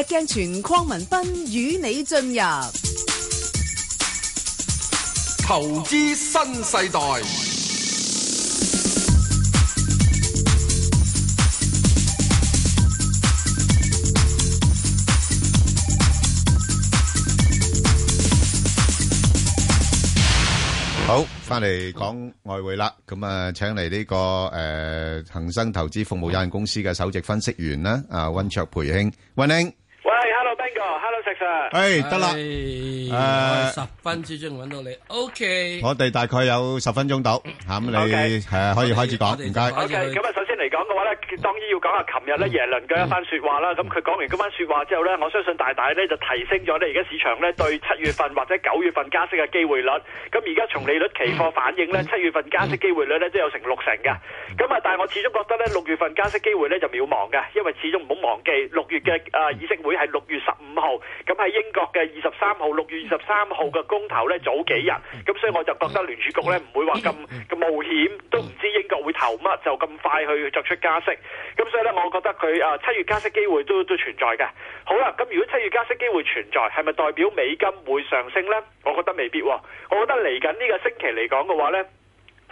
石鏡泉、鄺文斌與你進入投資新，新世代。好，翻嚟講外匯啦。咁啊，請嚟呢、這個誒、呃、恒生投資服務有限公司嘅首席分析員啦。啊，溫灼培兄，溫兄。哎，哎，得啦，十分之鐘先揾到你，OK。我哋大概有十分鐘到吓，咁你係可以開始講，唔 okay. 該。Okay. Okay. 講嘅話咧，當然要講下琴日咧耶倫嘅一番説話啦。咁佢講完嗰番説話之後咧，我相信大大咧就提升咗咧而家市場咧對七月份或者九月份加息嘅機會率。咁而家從利率期貨反映咧，七月份加息機會率咧都有成六成嘅。咁啊，但係我始終覺得咧六月份加息機會咧就渺茫嘅，因為始終唔好忘記六月嘅啊、呃、議息會係六月十五號。咁喺英國嘅二十三號、六月二十三號嘅公投咧早幾日。咁所以我就覺得聯儲局咧唔會話咁咁冒險，都唔知英國會投乜就咁快去出加息，咁所以咧，我覺得佢啊七月加息機會都都存在嘅。好啦，咁如果七月加息機會存在，係咪代表美金會上升呢？我覺得未必哦。我覺得嚟緊呢個星期嚟講嘅話呢，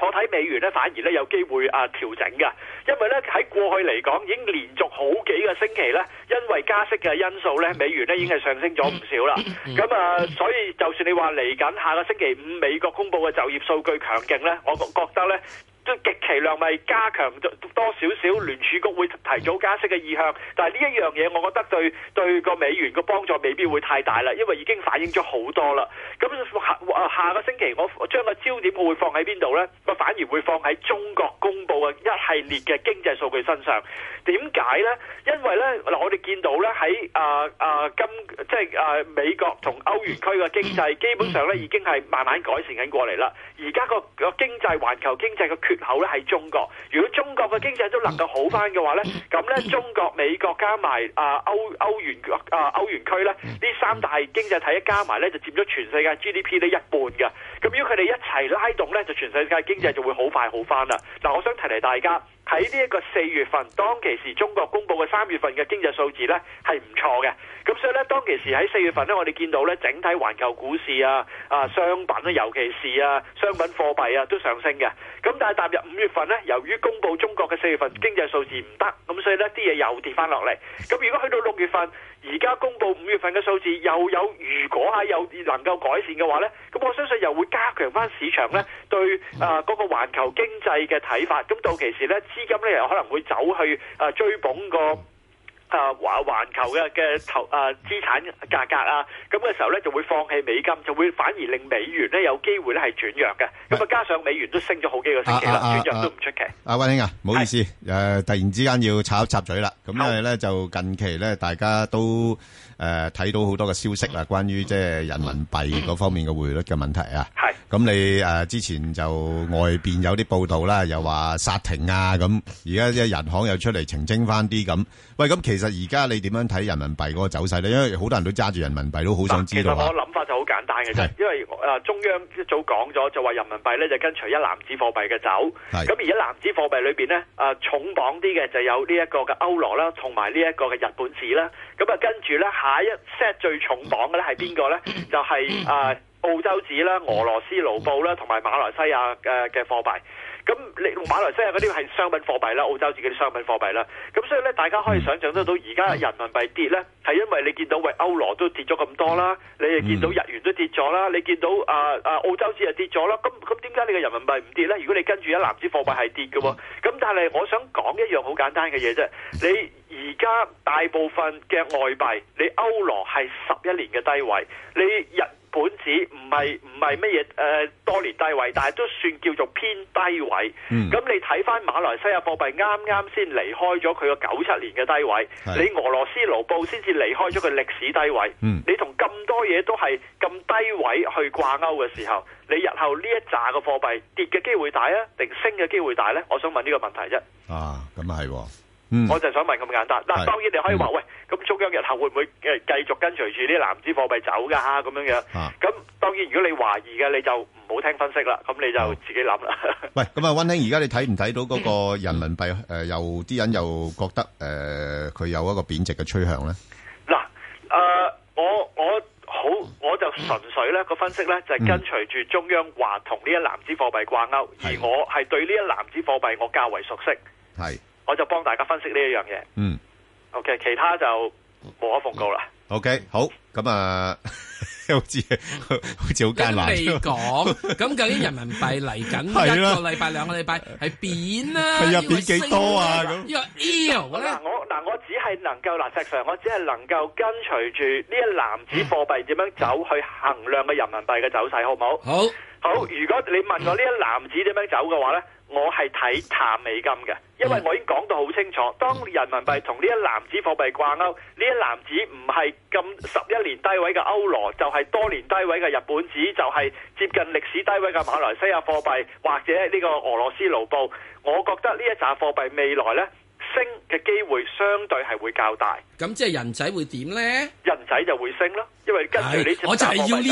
我睇美元呢，反而呢有機會啊調整嘅，因為呢喺過去嚟講已經連續好幾個星期呢，因為加息嘅因素呢，美元呢已經係上升咗唔少啦。咁啊，所以就算你話嚟緊下個星期五美國公布嘅就業數據強勁呢，我覺得呢。都極其量咪加強多多少少聯儲局會提早加息嘅意向，但係呢一樣嘢，我覺得對對個美元個幫助未必會太大啦，因為已經反映咗好多啦。咁下啊，下個星期我將個焦點我會放喺邊度咧？我反而會放喺中國公布嘅一系列嘅經濟數據身上。點解咧？因為咧嗱，我哋見到咧喺誒誒今即係誒、呃、美國同歐元區嘅經濟，基本上咧已經係慢慢改善緊過嚟啦。而家個個經濟，環球經濟嘅缺。口咧係中國，如果中國嘅經濟都能夠好翻嘅話咧，咁咧中國、美國加埋啊歐、歐元啊歐元區咧，呢三大經濟體一加埋咧就佔咗全世界 GDP 咧一半嘅。咁如果佢哋一齊拉動咧，就全世界經濟就會好快好翻啦。嗱，我想提提大家喺呢一個四月份當其時中國公佈嘅三月份嘅經濟數字咧係唔錯嘅。咁所以咧當其時喺四月份咧，我哋見到咧整體環球股市啊、啊商品，尤其是啊商品貨幣啊都上升嘅。咁但係踏入五月份咧，由於公佈中國嘅四月份經濟數字唔得，咁所以咧啲嘢又跌翻落嚟。咁如果去到六月份，而家公布五月份嘅數字，又有如果啊有能夠改善嘅話咧，咁我相信又會加強翻市場咧對誒嗰、呃那個環球經濟嘅睇法。咁到期時咧，資金咧又可能會走去誒、呃、追捧個。啊，環環球嘅嘅投啊資產價格啊，咁嘅時候咧就會放棄美金，就會反而令美元咧有機會咧係轉弱嘅。咁啊，加上美元都升咗好幾個星期啦、啊，轉弱都唔出奇。阿温兄啊，唔、啊啊啊啊、好意思，誒、啊、突然之間要插一插嘴啦。咁因為咧，就近期咧，大家都。誒、呃，睇到好多嘅消息啦，關於即係人民幣嗰方面嘅匯率嘅問題啊。係。咁你誒、呃、之前就外邊有啲報道啦，又話殺停啊咁。而家即係人行又出嚟澄清翻啲咁。喂，咁其實而家你點樣睇人民幣嗰個走勢咧？因為好多人都揸住人民幣，都好想知道啊。其實我諗法就好簡單嘅啫，因為誒、呃、中央一早講咗，就話人民幣咧就跟隨一籃子貨幣嘅走。咁而一籃子貨幣裏邊咧，誒、呃、重磅啲嘅就有呢一個嘅歐羅啦，同埋呢一個嘅日本紙啦。咁啊，跟住咧，下一 set 最重磅嘅咧係邊個咧？就係、是、啊、呃，澳洲紙啦、俄羅斯盧布啦，同埋馬來西亞嘅嘅貨幣。咁你馬來西亞嗰啲係商品貨幣啦，澳洲紙嗰啲商品貨幣啦。咁所以咧，大家可以想象得到，而家人民幣跌咧，係因為你見到喂歐羅都跌咗咁多啦，你又見到日元都跌咗啦，你見到啊啊、呃、澳洲紙又跌咗啦。咁咁點解你嘅人民幣唔跌咧？如果你跟住一籃子貨幣係跌嘅，咁但係我想講一樣好簡單嘅嘢啫，你。而家大部分嘅外幣，你歐羅係十一年嘅低位，你日本紙唔係唔係乜嘢？誒、呃，多年低位，但係都算叫做偏低位。咁、嗯、你睇翻馬來西亞貨幣，啱啱先離開咗佢個九七年嘅低位，你俄羅斯盧布先至離開咗佢歷史低位。嗯、你同咁多嘢都係咁低位去掛鈎嘅時候，你日後呢一紮嘅貨幣跌嘅機會大啊，定升嘅機會大呢？我想問呢個問題啫。啊，咁啊係。嗯、我就想問咁簡單。嗱，當然你可以話、嗯、喂，咁中央日後會唔會繼續跟隨住呢一籃子貨幣走噶咁、啊、樣樣？咁、啊、當然，如果你懷疑嘅，你就唔好聽分析啦，咁你就自己諗啦。啊、 喂，咁啊，溫兄，而家你睇唔睇到嗰個人民幣誒？又、嗯、啲、呃、人又覺得誒，佢、呃、有一個貶值嘅趨向呢？嗱、啊，誒、呃，我我好，我就純粹呢個分析呢，就係、跟隨住中央話同呢一籃子貨幣掛鈎，而我係對呢一籃子貨幣我較為熟悉。係。我就幫大家分析呢一樣嘢。嗯。O、okay, K，其他就無可奉告啦。O、okay, K，好。咁啊，好似好似好艱難。未講。咁 究竟人民幣嚟緊一個禮拜、兩 個禮拜係貶啊？係貶幾多啊？咁？又、啊、妖。嗱、啊啊、我嗱、啊、我只係能夠，嗱、呃、實上我只係能夠跟隨住呢一籃子貨幣點樣走去衡量個人民幣嘅走勢，好唔好？好。好，如果你問我呢一籃子點樣走嘅話呢，我係睇淡美金嘅，因為我已經講到好清楚，當人民幣同呢一籃子貨幣掛鈎，呢一籃子唔係咁十一年低位嘅歐羅，就係多年低位嘅日本紙，就係接近歷史低位嘅馬來西亞貨幣，或者呢個俄羅斯盧布，我覺得呢一扎貨幣未來呢升嘅機會相對係會較大。咁即係人仔會點呢？人仔就會升咯。因為跟住你就、哎、我就係要呢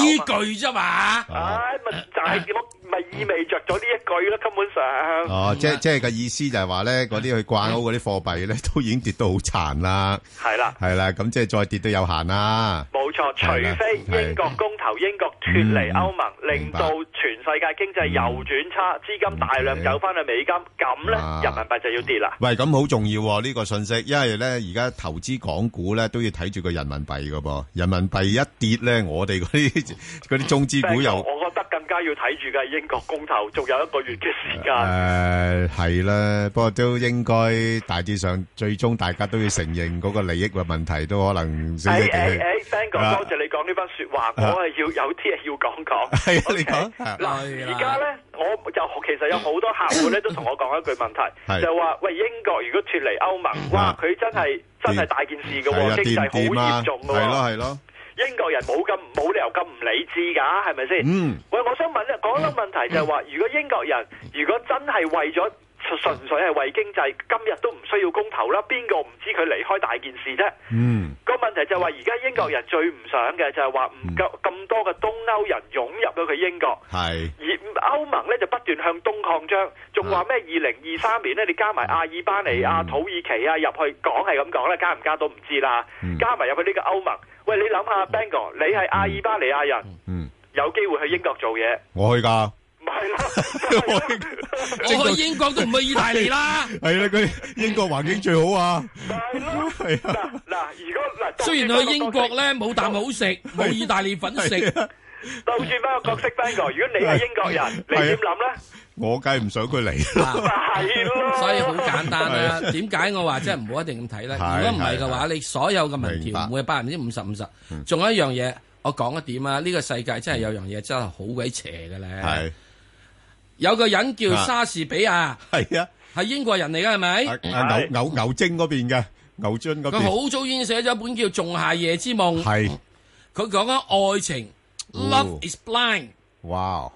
句啫嘛。唉、哎，咪就係咪、哎、意味着咗呢一句咯，根本上。哦，嗯嗯、即係即係個意思就係話咧，嗰啲去掛鈎嗰啲貨幣咧，都已經跌到好殘啦。係啦，係啦，咁即係再跌都有限啦。冇錯，除非英國公投，英國脫離歐盟、嗯，令到全世界經濟又轉差，資、嗯、金大量走翻去美金，咁、嗯、咧、啊、人民幣就要跌啦。喂，咁好重要呢、啊這個信息，因為咧而家投資港股咧都要睇住個人民幣噶噃，人民幣一。跌咧，我哋嗰啲啲中資股又，我覺得更加要睇住嘅係英國公投，仲有一個月嘅時間。誒，係啦，不過都應該大致上最終大家都要承認嗰個利益嘅問題，都可能升一啲。誒誒誒，thank you，多謝你講呢番說話，我係要有啲嘢要講講。係你哋講嗱，而家咧，我就其實有好多客戶咧都同我講一句問題，就話喂，英國如果脫離歐盟，哇，佢真係真係大件事噶，經濟好嚴重噶，係咯係咯。英國人冇咁冇理由咁唔理智㗎，係咪先？喂，我想問呢，一個問題就係話，如果英國人如果真係為咗，純粹係為經濟，今日都唔需要公投啦。邊個唔知佢離開大件事啫？嗯，那個問題就係話，而家英國人最唔想嘅就係話唔夠咁多嘅東歐人湧入到去英國。係、嗯、而歐盟咧就不斷向東擴張，仲話咩二零二三年咧？你加埋阿爾巴尼亞、嗯、土耳其啊入去，講係咁講啦，加唔加都唔知啦、嗯。加埋入去呢個歐盟，喂，你諗下 Bangor 你係阿爾巴尼亞人，嗯嗯、有機會去英國做嘢，我去噶。係、 啊啊、我，我去英國都唔去意大利啦。係啦、啊，佢、啊、英國環境最好啊。係係啊。嗱、啊，如果嗱，雖然去英國咧冇啖好食，冇意大利粉食，就算翻個角色翻個，如果你係英國人，你點諗咧？我梗係唔想佢嚟。係，所以好簡單啊。點解我話即係唔好一定咁睇咧？如果唔係嘅話，你所有嘅民調唔會百分之五十五十。仲有一樣嘢，我講一點啊。呢、這個世界真係有樣嘢真係好鬼邪嘅咧。係。有個人叫莎士比亞，係啊，係英國人嚟㗎係咪？啊牛牛牛精嗰邊嘅牛津嗰邊，佢好早已經寫咗一本叫《仲夏夜之夢》，係佢講緊愛情，love is blind。哇，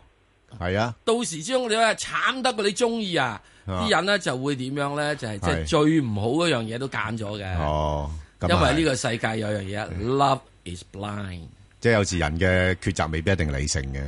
係啊！到時之中你話慘得過你中意啊！啲人咧就會點樣咧？就係即係最唔好嗰樣嘢都揀咗嘅。哦，因為呢個世界有樣嘢，love is blind。即係有時人嘅抉擇未必一定理性嘅。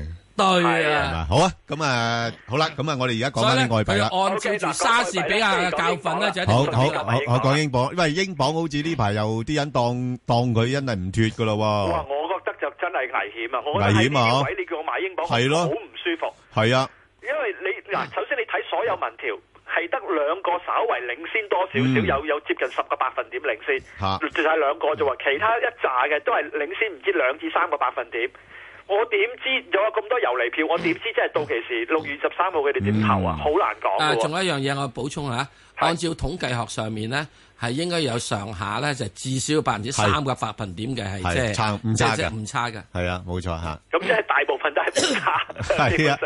對啊，好啊，咁啊，好啦，咁啊，我哋而家講緊啲外幣啦。按照住莎士比亞嘅教訓咧，就係好好好，我講英鎊，因為英鎊好似呢排有啲人當當佢真係唔脫噶啦。我話我覺得就真係危險啊！危險啊！你叫我買英鎊，係咯，好唔舒服。係啊，因為你嗱，首先你睇所有民調，係得兩個稍為領先多少少，有有接近十個百分點領先，吓，就係兩個啫喎，其他一紮嘅都係領先唔知兩至三個百分點。我點知有咁多遊離票？我點知真係到期時六月十三號佢哋點投啊？好、嗯、難講但喎。仲有一樣嘢我要補充下，按照統計學上面咧，係應該有上下咧，就係、至少百分之三嘅百分點嘅係即係差唔、就係、差嘅，唔差嘅。係啊，冇錯嚇。咁、啊、即係大部分都係差。係 啊。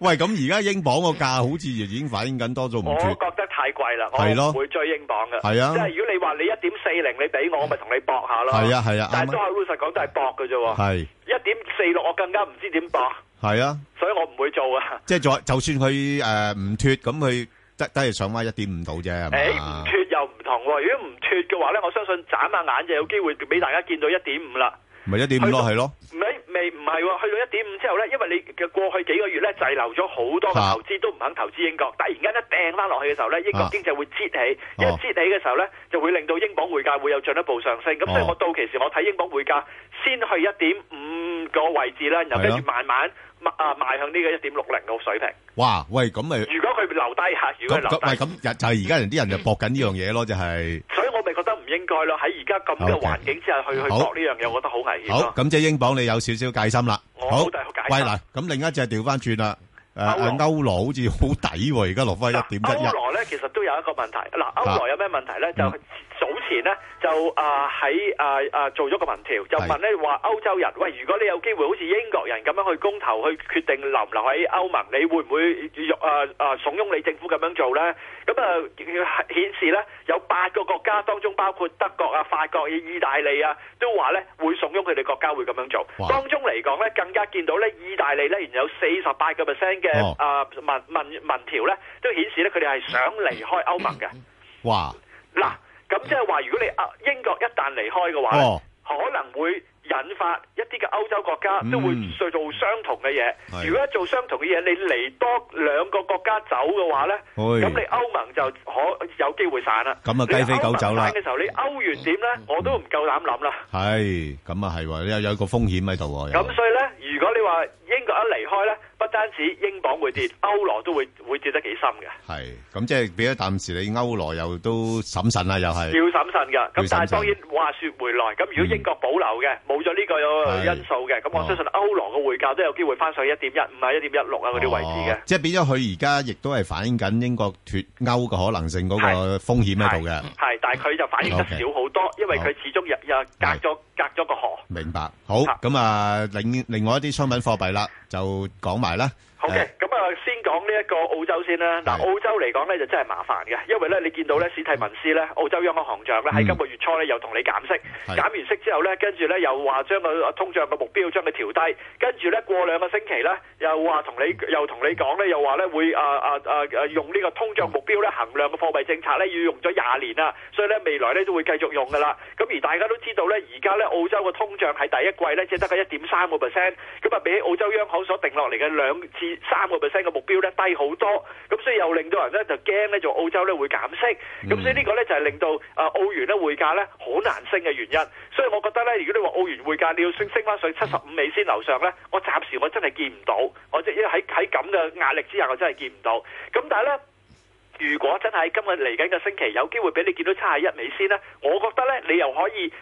喂，咁而家英鎊個價好似已經反映緊多咗唔。我覺得太貴啦。係咯、啊。我會追英鎊嘅。係啊。即係如果你話你一點四零你俾我，咪同你搏下咯。係啊係啊，啊。但係都係老實講，都係搏嘅啫。係。一點。跌落我更加唔知點搏，係啊，所以我唔會做啊。即係就就算佢誒唔脱，咁佢得得係上翻一點五度啫。誒，唔脱又唔同喎。如果唔脱嘅話咧，我相信眨下眼就有機會俾大家見到一點五啦。咪一點五咯，係咯。係唔係？去到一點五之後呢，因為你嘅過去幾個月呢，滯留咗好多投資都唔肯投資英國，突然間一掟翻落去嘅時候呢，英國經濟會摺起，啊哦、一摺起嘅時候呢，就會令到英鎊匯價會有進一步上升。咁、哦、所以我到期時我睇英鎊匯價先去一點五個位置啦，然後跟住慢慢啊邁向呢個一點六零嘅水平。哇！喂，咁如果佢留低嚇，如果咁、啊，就係而家人啲人就搏緊呢樣嘢咯，就係、是。應該咯，喺而家咁嘅環境之下、okay. 去去搏呢樣嘢，我覺得好危險。好，咁即係英鎊你有少少戒心啦、哦。好，戒心。喂，嗱，咁另一隻調翻轉啦，誒歐、呃、歐羅好似好抵喎，而家落翻一點一一。歐羅咧，其實都有一個問題，嗱歐羅有咩問題咧？、啊、就？嗯前咧就啊喺啊啊做咗個民調，就問咧話，歐洲人喂，如果你有機會好似英國人咁樣去公投去決定留唔留喺歐盟，你會唔會、呃呃、慫恿你政府咁樣做咧？咁啊、呃、顯示咧有八個國家當中，包括德國啊、法國、意大利啊，都話咧會慫恿佢哋國家會咁樣做。當中嚟講咧，更加見到咧意大利咧，原有四十八個 percent 嘅啊民民民調咧，都顯示咧佢哋係想離開歐盟嘅。哇！咁即係話，如果你啊英國一旦離開嘅話，可能會引發一啲嘅歐洲國家都會做做相同嘅嘢。如果做相同嘅嘢，你離多兩個國家走嘅話咧，咁你歐盟就可有機會散啦。咁啊，雞飛狗走啦。散嘅時候，你歐元點咧？我都唔夠膽諗啦。係，咁啊係話，又有一個風險喺度。咁所以咧，如果你話，英國一離開咧，不單止英鎊會跌，歐羅都會會跌得幾深嘅。係，咁即係俾咗暫時你歐羅又都審慎啦，又係。要審慎㗎，咁但係當然話説回來，咁如果英國保留嘅，冇咗呢個的因素嘅，咁我相信歐羅嘅匯價都有機會翻上一點一五，唔係一點一六啊嗰啲位置嘅。即係變咗佢而家亦都係反映緊英國脱歐嘅可能性嗰個風險喺度嘅。係，但係佢就反映得少好多，okay。因為佢始終又又隔咗隔咗個河。明白，好。咁啊，另另外一啲商品貨幣啦。就講埋啦。好嘅，咁啊，先講呢一個澳洲先啦。嗱、yeah.，澳洲嚟講咧就真係麻煩嘅，因為咧你見到咧史蒂文斯咧澳洲央行行長咧喺今個月初咧、mm. 又同你減息，yeah. 減完息之後咧跟住咧又話將個通脹嘅目標將佢調低，跟住咧過兩個星期咧又話同你又同你講咧又話咧會啊啊，啊用呢個通脹目標咧衡量個貨幣政策咧要用咗廿年啦，所以咧未來咧都會繼續用㗎啦。咁而大家都知道咧而家咧澳洲嘅通脹喺第一季咧只得個一點三個 percent，咁啊俾澳洲央行所定落嚟嘅兩次三個 percent 嘅目標咧低好多，咁所以又令到人咧就驚咧，就呢澳洲咧會減息，咁所以個呢個咧就係、是、令到啊、呃、澳元咧匯價咧好難升嘅原因。所以我覺得咧，如果你話澳元匯價你要升升翻上七十五美先樓上咧，我暫時我真係見唔到，我即係喺喺咁嘅壓力之下，我真係見唔到。咁但係咧，如果真係今日嚟緊嘅星期有機會俾你見到七廿一美先咧，我覺得咧你又可以。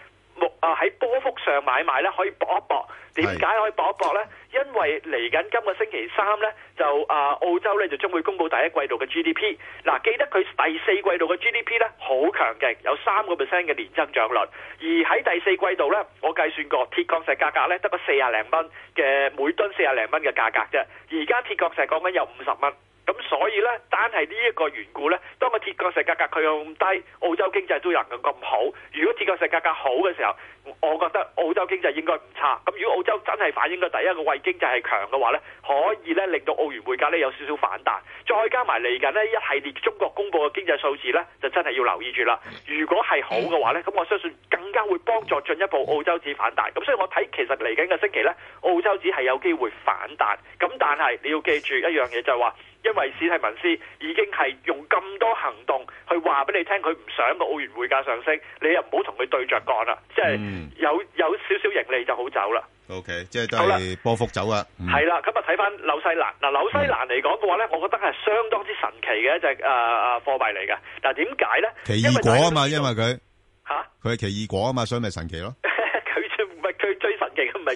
木啊，喺波幅上買賣咧，可以搏一搏，點解可以搏一搏呢？因為嚟緊今個星期三呢，就啊澳洲咧就將會公布第一季度嘅 GDP。嗱，記得佢第四季度嘅 GDP 咧好強勁，有三個 percent 嘅年增長率。而喺第四季度咧，我計算過鐵礦石價格咧得個四廿零蚊嘅每噸四廿零蚊嘅價格啫。而家鐵礦石講緊有五十蚊。咁所以呢，單係呢一個緣故呢，當個鐵礦石價格佢又咁低，澳洲經濟都能夠咁好。如果鐵礦石價格好嘅時候，我覺得澳洲經濟應該唔差。咁如果澳洲真係反映個第一個位經濟係強嘅話呢，可以呢令到澳元匯價呢有少少反彈。再加埋嚟緊呢一系列中國公佈嘅經濟數字呢，就真係要留意住啦。如果係好嘅話呢，咁我相信更加會幫助進一步澳洲紙反彈。咁所以我睇其實嚟緊個星期呢，澳洲紙係有機會反彈。咁但係你要記住一樣嘢，就係，就係話。因為史蒂文斯已經係用咁多行動去話俾你聽，佢唔想個澳元匯價上升，你又唔好同佢對着幹啦、嗯。即係有有少少盈利就好走啦。O、okay, K，即係都係波幅走啦。係啦，咁啊睇翻紐西蘭嗱，紐西蘭嚟講嘅話咧，我覺得係相當之神奇嘅一隻誒誒、呃、貨幣嚟嘅。但係點解咧？奇異果啊嘛，因為佢吓，佢係、啊、奇異果啊嘛，所以咪神奇咯。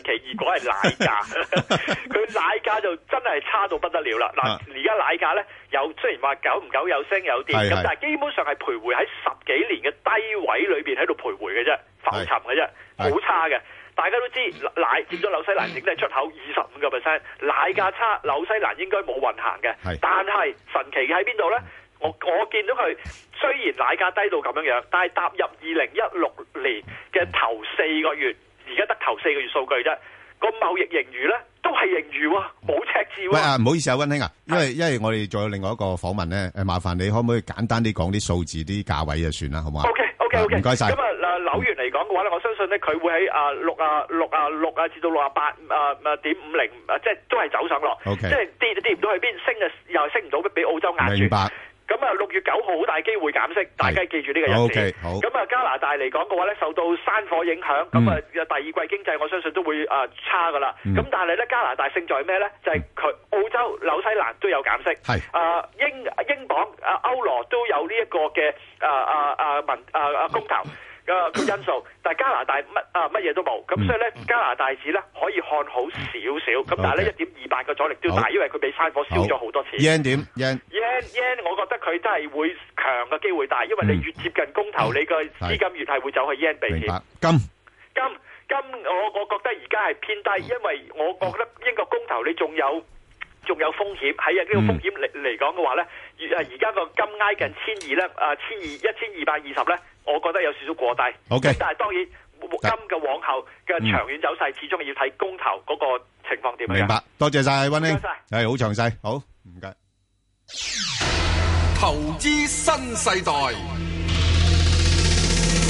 其二，果係奶價，佢 奶價就真係差到不得了啦！嗱、啊，而家奶價呢，有，雖然話久唔久有升有跌，咁但係基本上係徘徊喺十幾年嘅低位裏邊喺度徘徊嘅啫，浮沉嘅啫，好差嘅。大家都知道奶佔咗紐西蘭，淨係出口二十五個 percent，奶價差，紐西蘭應該冇運行嘅。但係神奇嘅喺邊度呢？我我見到佢雖然奶價低到咁樣樣，但係踏入二零一六年嘅頭四個月。而家得頭四個月的數據啫，個貿易盈餘咧都係盈餘喎，冇赤字喎。喂啊，唔好意思啊，溫兄啊，因為因為我哋仲有另外一個訪問咧，誒，麻煩你可唔可以簡單啲講啲數字、啲價位就算啦，好唔好？OK OK OK，唔該曬。咁啊，紐元嚟講嘅話咧，我相信咧佢會喺啊六啊六啊六啊至到六啊八啊啊點五零，即係都係走上落。OK，即係跌跌唔到去邊，升啊又升唔到，俾澳洲壓住。明白。咁啊，六月九號好大機會減息，大家記住呢個日子。咁、okay, 啊，加拿大嚟講嘅話咧，受到山火影響，咁、嗯、啊，第二季經濟我相信都會、呃、差噶啦。咁、嗯、但係咧，加拿大勝在咩咧？就係、是、佢澳洲、嗯、紐西蘭都有減息，係、啊、英英鎊啊歐羅都有呢一個嘅啊啊啊民啊啊公投。 嘅因素，但加拿大乜啊乜嘢都冇，咁所以咧，加拿大市咧可以看好少少，咁但係咧一點二百、okay. 個阻力都大，因為佢被山火燒咗好多次 yen 點 yen yen yen 我覺得佢真係會強嘅機會大，因為你越接近公投，嗯、你個資金越係會走去 yen 避險。金金金，我我覺得而家係偏低，因為我覺得英國公投你仲有。仲有風險喺啊！呢個風險嚟嚟講嘅話咧，而而家個金挨近千二咧，千二一千二百二十咧，我覺得有少少過低。OK，但係當然金嘅往後嘅長遠走勢，嗯、始終要睇公投嗰個情況點樣。明白，多謝晒，溫兄。多謝，係好詳細，好唔該。投資新世代。